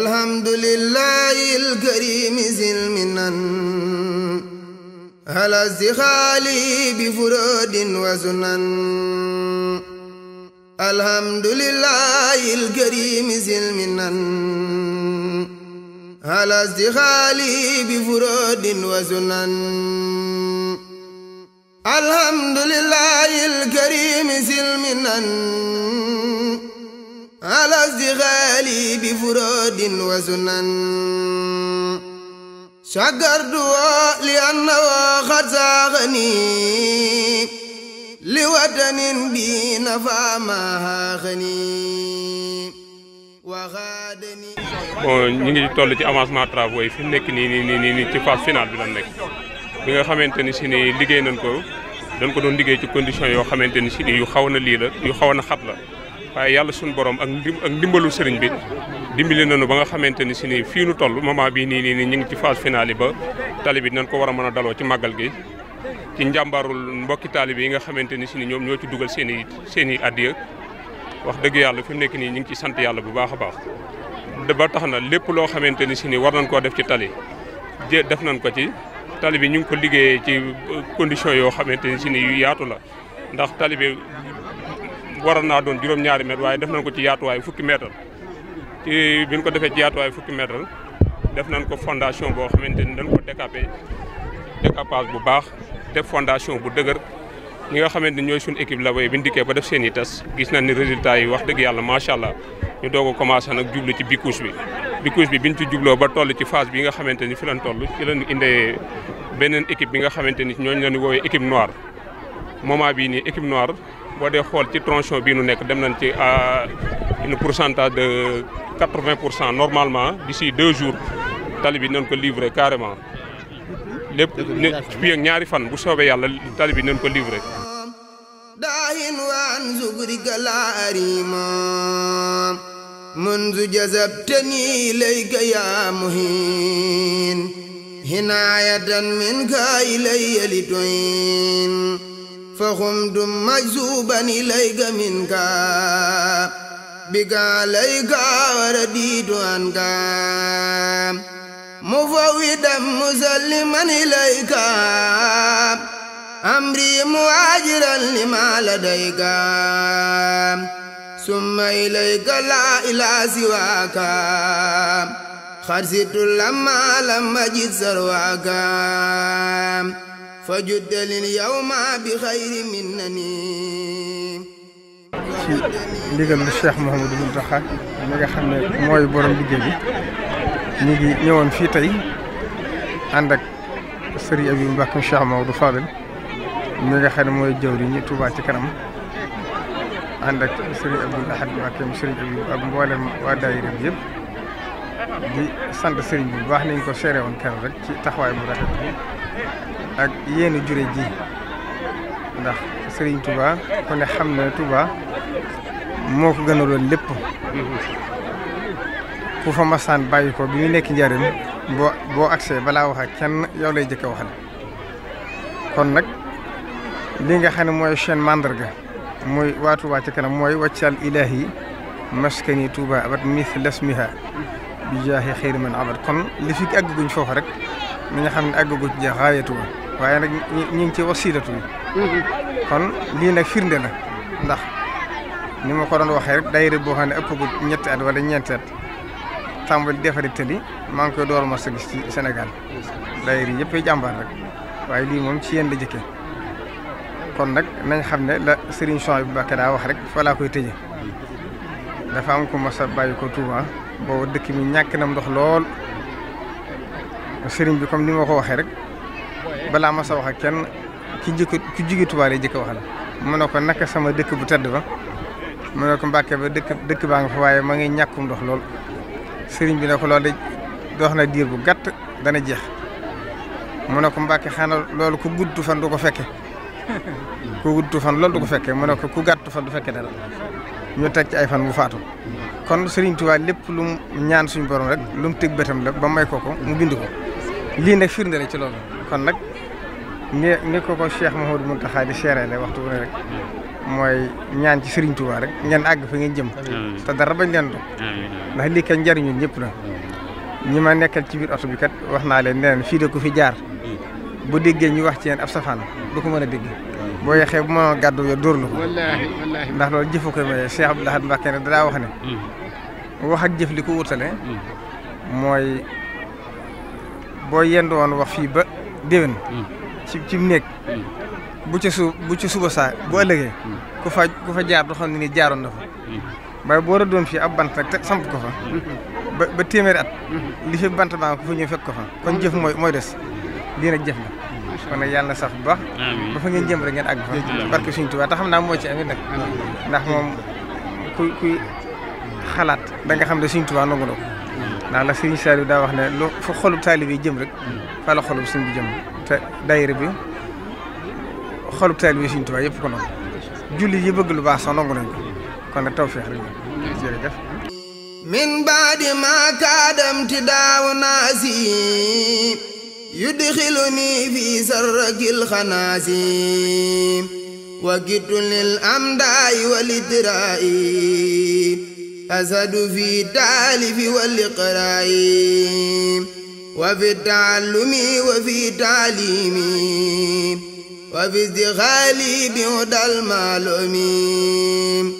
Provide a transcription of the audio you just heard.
الحمد لله الكريم زلمنا على الزخالي بفرود وزنن الحمد لله الكريم زلمنا على الزخالي بفرود وزنن الحمد لله الكريم زلمنا على ازدغالي بفرود وسنن شكرت لأنه قد ساغني لوطن بي نفع ما غني وغادني bon ñu ngi toll ci avancement travaux yi fi mu nekk nii nii nii nii ci phase finale bi lan nekk bi nga xamante ni si liggéey nañ ko dañ ko doon liggéey ci condition yoo xamante ni si yu xaw na lii la yu xaw na xat la waaye yàlla suñu borom ak ak ndimbalu sëriñ bi dimbali nañu ba nga xamante ni si ni fii nu toll moment bii nii nii ñu ngi ci phase finale ba tali bi dinañ ko war a mën a daloo ci màggal gi ci njàmbaarul mbokki taalibe yi nga xamante ni si ni ñoom ñoo ci dugal seeni i seen i addiya wax dëgg yàlla fi mu nekk nii ñu ngi ci sant yàlla bu baax a baax ba tax na lépp loo xamante ni si ni war nañ koo def ci tali def nañ ko ci tali bi ñu ngi ko liggéeyee ci condition yoo xamante ni si yaatu la waroon naa doon juróom-ñaari mètre waaye def nañ ko ci yaatuwaay fukki mètre ci bi ñu ko defee ci yaatuwaay fukki mètre def na nañ ko fondation boo xamante ni dañ ko décapé décapage bu baax def fondation bu dëgër ñi nga xamante ni ñooy suñu équipe la bi ñu ba def seen i tas gis nañ ni résultat yi wax dëgg yàlla macha allah ñu doog a commencé nag jublu ci bicouche bi bicouche bi biñ ci jubloo ba toll ci phase bi nga xamante ni fi lañ toll ci lañ indee beneen équipe bi nga xamante ni ñooñu la ñu woowee équipe noire moment bii nii équipe noire boo dee xool ci tronçon bii nu nekk dem nañ ci à une pourcentage de quatre vingt pour cent normalement d'ici deux jours tali bi nañ ko livré carrément lépp fii ak ñaari fan bu soobee yàlla tali bi nañ ko livré. daahin waan zugrika laarima منذ جذبتني إليك يا مهين عناية منك إلي لتعين فغمد مجذوبا إليك منك بك عليك ورديت عنك مفودا مسلما إليك أمري مهاجرا لما لديك ثم إليك لا إله سواك خرجت لما لم أجد سرواك fa juddalil yawma bi xayri minnani ci ndigal lu Cheikh Mouhamadou Mountakha mi nga xam ne mooy borom liggéey bi ñu ngi ñëwoon fii tey ànd ak sëriñ Abiy Mbacke Cheikh Maodo Fadel mi nga xam ne mooy jawriñ ñi Touba ci kanam ànd ak sëriñ Abdoul Ahad Mbacke sëriñ Abiy ak mboolem waa daayira bi yëpp di sant sëriñ bi bu baax nañ ko seere woon kenn rek ci taxawaay bu rafet bi ak yéen a ji ndax sëriñ Touba kon ne xam ne Touba moo ko gënaloon lépp. ku fa masaan bàyyi ko bi ñu nekk njariñ boo boo agsee balaa wax ak kenn yow lay jëkk a waxal kon nag li nga xam ne mooy chaîne mandarga mooy waatu Touba ci kanam mooy wàccal ilaahi maskani Touba abat mis lesmiha bi jaahi xëyri man abat kon li fi àgguñ foofu rek mi nga xam ne àgguñ ci xaaya Touba waaye nag ñi ñi ngi ci wasiilatu mm-hmm. kon lii nag firnde la ndax ni ma ko doon waxee rek daayira boo xam ne ëppagul ñetti at wala ñeenti at tàmbali defari tëli maa ngi koy door ma sa gis ci Sénégal daayira yëpp ay jàmbaar rek waaye lii moom ci yéen la jëkkee kon nag nañ xam ne la Serigne Souhaïbou bi Mbacké daa wax rek fa laa koy tëjee dafa am ko mos a bàyyi ko Touba boobu dëkk mi ñàkk na ndox lool Serigne bi comme ni ma ko waxee rek. balaa ma sa wax ak kenn ki jëkk ki jóge Tuubaa lay jëkk wax la mu ne ko naka sama dëkk bu tedd ba mu ne ko Mbàkke ba dëkk dëkk baa ngi fa waaye ma ngi ñàkkum ndox lool sëriñ bi ne ko loolu de dox na diir bu gàtt dana jeex mu ne ko Mbàkke xanaa loolu ku gudd fan du ko fekke ku gudd fan loolu du ko fekke mu ne ko ku gàtt fan du fekke dara ñu teg ci ay fan mu faatu kon sëriñ Tuubaa lépp lu ñaan suñu borom rek lu mu tëgg bëtam la ba may ko ko mu bind ko lii nag firnde la ci loolu kon nag ne ni ko ko Cheikh Mouhamadou Mountakha di seerale waxtu bu ne rek mooy ñaan ci Serigne rek ngeen àgg fi nga jëm te dara bañ leen doon ndax lii kat njariñu ñëpp la ñi ma nekkal ci biir oto bi kat wax naa leen neneen fii de ku fi jaar bu déggee ñu wax ci yeen ab safaan du ko mën a dégg boo yexee bu mënoon gàddu yo dóor la ko ndax loolu jëfu ko maye Cheikh Abdou Lahad Mbacké ne dadaa wax ne wax ak jëf li ko wutale mooy boo yend woon wax fii ba déwén ci ci néeg bu ci su bu ci suba saa bu ëllëgee ku fa ku fa jaar du xam ne ni jaaroon na fa waaye boo doon fii ab bant rek samp ko fa ba ba téeméeri at li fi bant baa ko fa ñëw fekk ko fa kon jëf mooy mooy des lii nag jëf la kon nag yàlla na sax bu baax ba fa ngeen jëm rek ngeen àgg fa barke suñu Tuubaa te xam naa moo ci amit nag ndax moom kuy kuy xalaat da nga xam ne suñu Tuubaa nangu na ko ndax la Serigne Saliou daa wax ne lu fa xolub taalibe yi jëm rek mm. fa la xolub jëm te daayira bi xolub taalibe yi suñ Tuubaa yëpp ko nangu jullit yi bëgg lu baax sax ko kon nag tawfeex rek la jërëjëf min baadi maa kaadamti daaw naasi yudxiluni fi sarrakil xanaasi wa gittu lil amdaay wal idraayi أسد في التأليف والإقراء وفي التعلم وفي تعليم وفي ازدخالي بهدى المعلوم